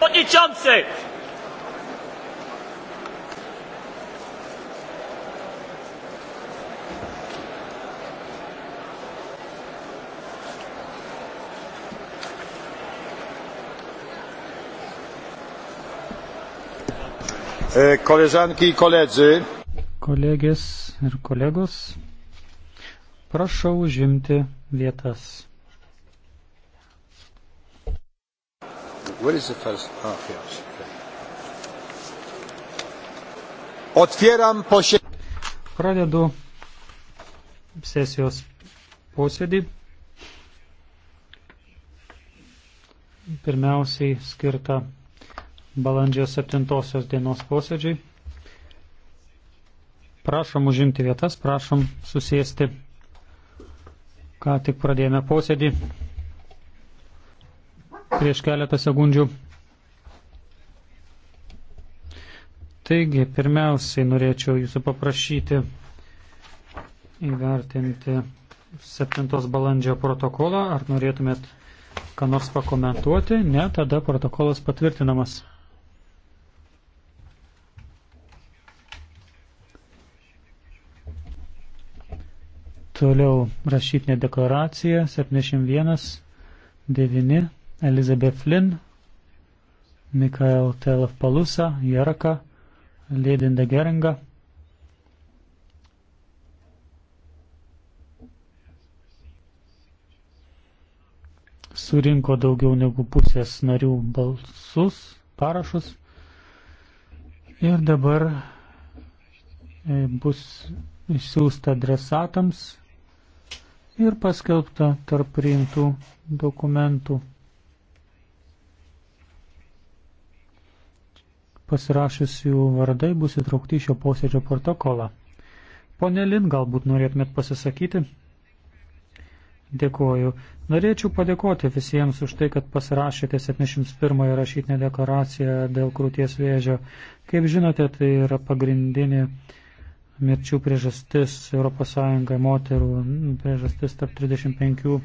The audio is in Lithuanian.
przewodniczący! E, koleżanki i koledzy. Kolegės ir kolegos, prašau užimti vietas. Where is the first? Oh, ah, here. Okay. Otvieram posėdį. Pradedu sesijos posėdį. Pirmiausiai skirta balandžio 7 dienos posėdžiai. Prašom užimti vietas, prašom susėsti. Ką tik pradėjome posėdį prieš keletą sekundžių. Taigi, pirmiausiai norėčiau jūsų paprašyti įvertinti 7 balandžio protokolą. Ar norėtumėt ką nors pakomentuoti? Ne, tada protokolas patvirtinamas. Toliau rašytinė deklaracija 71 9 Elizabeth Flynn, Mikael Telef Palusa, Jaraka, Lėdinda Geringa. Surinko daugiau negu pusės narių balsus, parašus. Ir dabar e, bus išsiųsta adresatams ir paskelbta tarp priimtų dokumentų. pasirašysių vardai bus įtraukti šio posėdžio protokolą. Pone Lin, galbūt norėtumėt pasisakyti? Dėkuoju. Norėčiau padėkoti visiems už tai, kad pasirašėte 71 rašytinę deklaraciją dėl krūties vėžio. Kaip žinote, tai yra pagrindinė mirčių priežastis ES moterų priežastis tarp 35